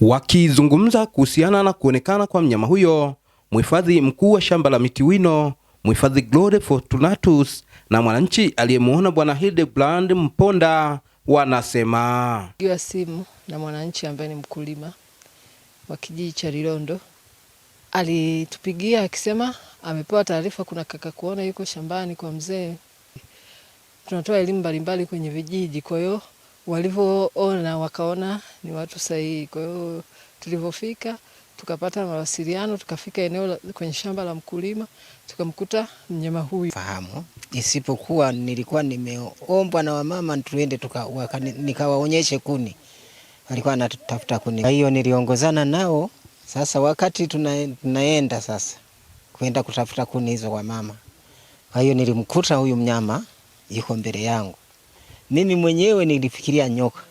Wakizungumza kuhusiana na kuonekana kwa mnyama huyo, mhifadhi mkuu wa shamba la miti Wino, mhifadhi Glory Fortunatus na mwananchi aliyemwona Bwana Hildebrand Mponda wanasema. Pigiwa simu na mwananchi ambaye ni mkulima wa kijiji cha Lilondo, alitupigia akisema amepewa taarifa kuna kaka kuona yuko shambani kwa mzee. Tunatoa elimu mbalimbali kwenye vijiji, kwa hiyo walivyoona wakaona ni watu sahihi. Kwa hiyo tulivyofika tukapata mawasiliano, tukafika eneo la, kwenye shamba la mkulima tukamkuta mnyama huyu fahamu, isipokuwa nilikuwa nimeombwa na wamama tuende nikawaonyeshe kuni, walikuwa anatafuta kuni. Kwa hiyo niliongozana nao sasa, wakati tunaenda sasa kwenda kutafuta kuni hizo kwa mama. Kwa hiyo nilimkuta huyu mnyama yuko mbele yangu, mimi mwenyewe nilifikiria nyoka.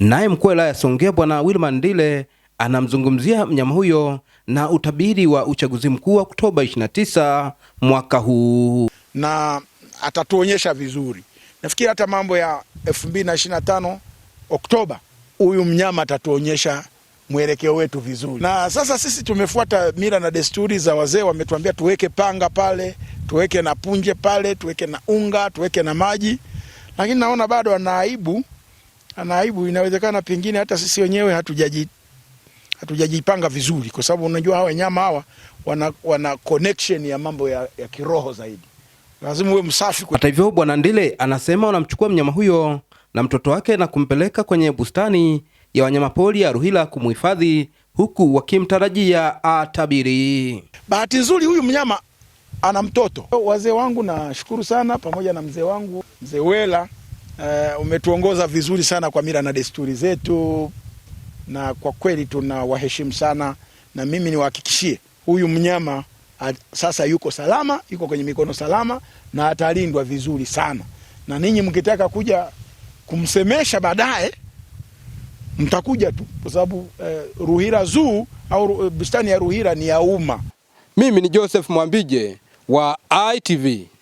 Naye mkuu wa wilaya ya Songea Bwana Wilman Ndile anamzungumzia mnyama huyo na utabiri wa uchaguzi mkuu wa Oktoba 29 mwaka huu, na atatuonyesha vizuri. Nafikiri hata mambo ya 2025 Oktoba, huyu mnyama atatuonyesha mwelekeo wetu vizuri. Na sasa sisi tumefuata mila na desturi za wazee, wametuambia tuweke panga pale, tuweke na punje pale, tuweke na unga, tuweke na maji, lakini naona bado ana aibu na aibu. Inawezekana pengine hata sisi wenyewe hatujaji hatujajipanga vizuri, kwa sababu unajua hawa wanyama hawa wana, wana connection ya mambo ya, ya kiroho zaidi, lazima uwe msafi. Hata hivyo, Bwana Ndile anasema wanamchukua mnyama huyo na mtoto wake na kumpeleka kwenye bustani ya wanyamapori ya Ruhila kumuhifadhi, huku wakimtarajia atabiri. Bahati nzuri huyu mnyama ana mtoto. Wazee wangu nashukuru sana, pamoja na mzee wangu mzee Wela Uh, umetuongoza vizuri sana kwa mila na desturi zetu, na kwa kweli tunawaheshimu sana, na mimi niwahakikishie huyu mnyama at, sasa yuko salama, yuko kwenye mikono salama na atalindwa vizuri sana, na ninyi mkitaka kuja kumsemesha baadaye mtakuja tu, kwa sababu eh, Ruhira Zoo au eh, bustani ya Ruhira ni ya umma. Mimi ni Joseph Mwambije wa ITV.